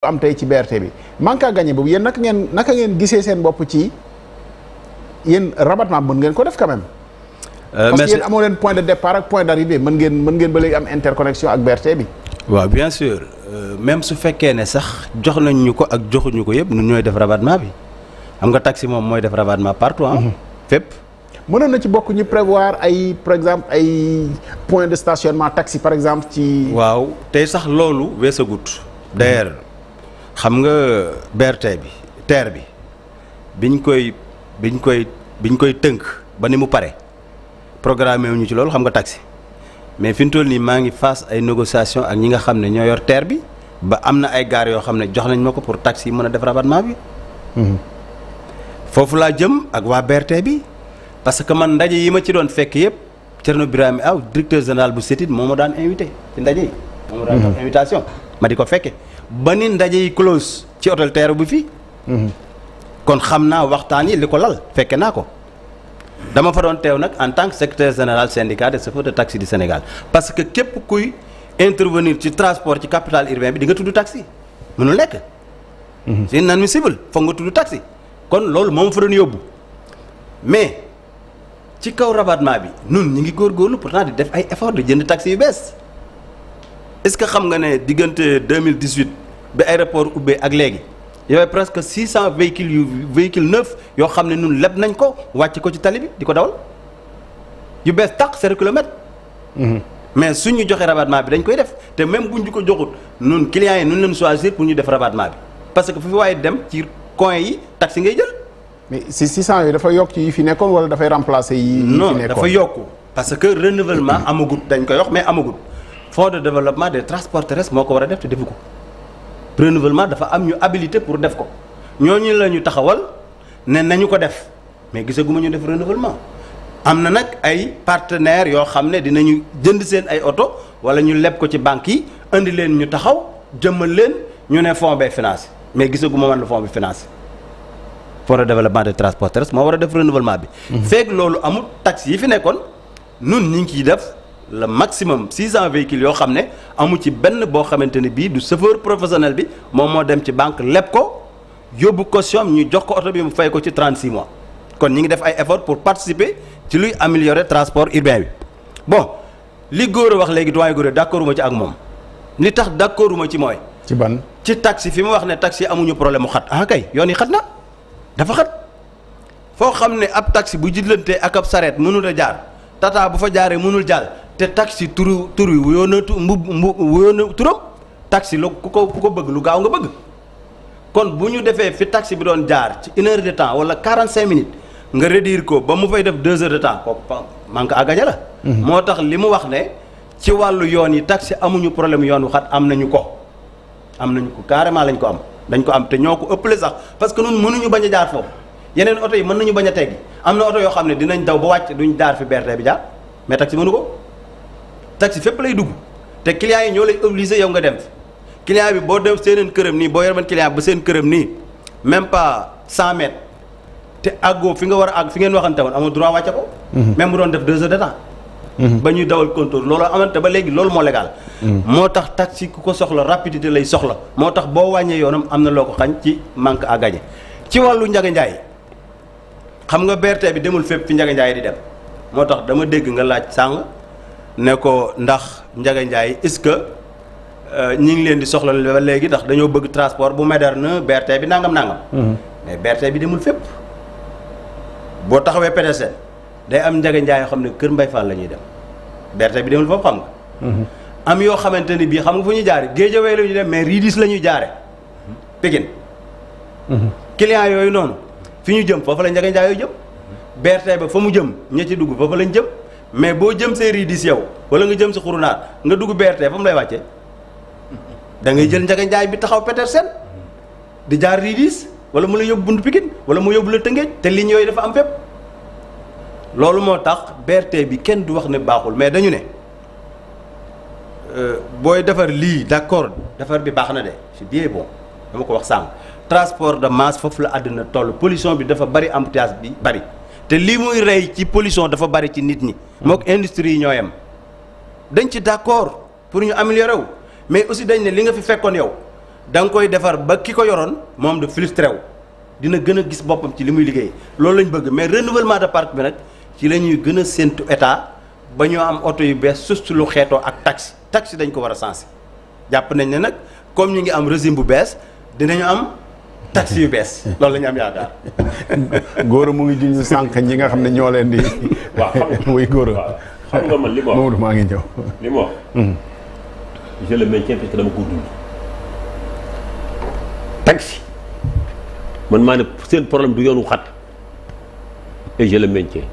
am tey ci BRT bi manque à boobu yéen naka ngeen naka ngeen gisee seen bopp ci yéen rabattement mën ngeen ko def quand même. Euh, parce que yéen amoo leen point de départ ak point d'arrivée mën ngeen mën ba léegi am interconnexion ak BRT bi. waaw bien sûr euh, même su fekkee ne sax jox nañ ñu ko ak joxuñu ko yëpp ñun ñooy def rabattement bi xam nga taxi moom mooy def rabattement partout ah. Mhm. fépp. mënoon na ci bokk ñu prévoir ay par exemple ay point de stationnement taxi par exemple ci. waaw tey sax loolu weesagut d'ailleurs. xam nga berte bi TER bi biñ koy biñ koy biñ koy tënk ba ni mu pare programme wu ci loolu xam nga taxi mais fi mu toll nii maa ngi face ay négociation ak ñi nga xam ne ñoo yor TER bi ba am na ay gaar yoo xam ne jox nañ ma ko pour taxi yi mën a def rabattement bi. Mhm. foofu laa jëm ak waa BRT bi parce que man ndaje yi ma ci doon fekk yëpp Thierno bi Aw directeur général bu CETID moo ma daan invité ci ndaje yi. moo ma daan mhm. invitation ma di ko fekkee. ba ni ndaje yi close ci hôtel Terre bu fii mhm. kon xam naa waxtaan yi li ko lal fekke naa ko dama fa doon teew nag en tant que secretaire général syndicat des chauffeurs de taxi di Sénégal parce que képp kuy intervenir ci transport ci capital urbain bi di nga tudd taxi mënul nekk mhm. c'est inadmissible foog nga tudd taxi kon loolu moom fa doon yóbbu mais ci kaw rabattement bi nun ñi ngi góor góorgóorlu pourtant di def ay effort di jënd taxi yu bees est-ce que xam nga ne diggante 2018 bi aéroport ubbee ak léegi yooyu presque 600 véhicules yu véhicule neuf yoo xam ne ñun leb nañ ko wàcc ko ci tali bi di ko dawal yu bees tàq zéro kilomètre. Mhm. mais suñu joxe rabattement bi dañ koy def te même buñ ñu ko joxut ñun clients yi ñun leen choisir pour ñu def rabattement bi parce que fu fi waaye dem ci coin yi taxi ngay jël. mais si 600 yooyu dafa yokk ci yi fi nekkoon wala dafay remplacer yi. yi fi nekkoon non dafa yokk parce que renouvellement dañ koy wax mais amagut fonds de développement des transports terrestres moo ko war def te defu ko. renouvellement dafa am ñu habilité pour def ko ñooñu la ñu taxawal ne nañu ko def mais gisaguma ñu def renouvellement am na nag ay partenaires yoo xam ne dinañu jënd seen ay oto wala ñu leb ko ci banques yi indi leen ñu taxaw jëmmal leen ñu ne fonds bay financé mais gisaguma man la fonds bi financé pour le développement des transports terrestres moo war a def renouvellement bi. Mhm. feeg loolu amul taxes yi fi nekkoon nun ñu ngi ciy def. le maximum 600 véhicules yoo xam ne amu ci benn boo xamante ne bii du chauffeur professionnel bi moom moo dem ci banque leb ko yóbbu caution ñu jox ko oto bi mu fay ko ci 36 mois kon ñi ngi def ay effort pour participer ci luy améliorer transport urbain bi bon li góor wax léegi doyen góor d'accord ma ci ak moom li tax d'accord ma ci mooy. ci ban ci taxi fi mu wax ne taxi amuñu problème mu xat ah kay yoon yi xat na dafa xat foo xam ne ab taxi bu jidlantee ak ab sareet mënul a jaar tata bu fa jaaree mënul jàll te taxi turu tur wi wuyoo na tu mbu mbu wuyoo na taxi lu ku ko ku ko bëgg lu gaaw nga bëgg kon bu ñu defee fi taxi bi doon jaar ci une heure de temps wala quarante cinq minutes nga réduire ko ba mu fay def deux heures de temps ko manque à gagner la. Mhm. moo tax li mu wax ne ci wàllu yoon yi taxi amuñu problème yoon waxat am na ñu ko am nañu ko carrément lañ ko am dañ ko am te ñoo ko ëppale sax parce que ñun mënuñu bañ a jaar foofu yeneen oto yi mën nañu bañ a teggi am na oto yoo xam ne dinañ daw ba wàcc duñ jaar fi BRT bi jaar mais taxi mënu ko. taxi fépp lay dugg te clients yi ñoo lay obligé yow nga dem client bi boo dem seen këram nii boo yorman client ba seen këram nii même pas 100 te àggoo fi nga war a àgg fi ngeen waxante woon amoo droit wàcce ko. Mhm. même bu doon def 2 heures de temps. Mhm. ba ñuy dawal contour loolu amante ba léegi loolu moo legal mhm. moo tax taxi ku ko soxla rapidité lay soxla moo tax boo wàññee yoonam am na loo ko xañ ci manque à gagner ci wàllu Ndiaga Ndiaye xam nga BRT bi demul fépp fi Ndiaga di dem moo tax dama dégg nga laaj sàng ne ko ndax Ndiaga Ndiaye est-ce que euh, ñi ngi leen di soxla ba léegi ndax dañoo bëgg transport bu na BRT bi nangam nangam. Mm-hmm. mais BRT bi demul fépp. boo taxawee PDC day am Ndiaga Ndiaye yoo xam ne Kër Mbay Fall la ñuy dem BRT bi demul foofu xam nga. Mm-hmm. am yoo xamante ni bii xam nga fu ñuy jaare Géejawaay la ñuy dem mais Ridis la ñuy jaare Pikine. Mm-hmm. client yooyu noonu fi ñu jëm foofu la Ndiaga Ndiaye yooyu jëm BRT ba fa mu jëm ña ci dugg foofu lañ jëm. mais boo jëm série dis yow wala nga jëm si xurunaat nga dugg BRT fa mu lay wàcce dangay jël njaga njaay bi taxaw Petersen di jaar ridis wala mu la yóbbu buntu Pikine wala mu yóbbu la Tëngéej te ligne yooyu dafa am fépp loolu moo tax BRT bi kenn du wax ne baaxul mais dañu ne euh, booy defar lii d'accord defar bi baax na de c'est bien bon dama ko wax sànq transport de masse foofu la àdduna toll pollution bi dafa bari embouteillage bi bari te lii muy rey ci pollution dafa bari ci nit ñi. mook industrie yi ñoo yem dañ ci d'accord pour ñu améliorer wu mais aussi dañ ne li nga fi fekkoon yow da koy defar ba ki ko yoroon moom du frustré wu dina gën a gis boppam ci li muy liggéey loolu lañ bëgg mais renouvellement de parc bi nag ci la ñuy gën a séntu état ba ñoo am oto yu bees surtout lu xeetoo ak taxi taxi dañ ko war a sensé jàpp nañ ne nag comme ñu ngi am résime bu bees dinañu am. taxi yu bees loolu la ñu am yaakaar. mu ngi junj sànq ñi nga xam ne ñoo leen di. waaw xam muy góor a. xam nga man li ma wax maa ngi ñëw. li ma wax. Hmm. je le man maa ne seen problème du yoonu xat et je le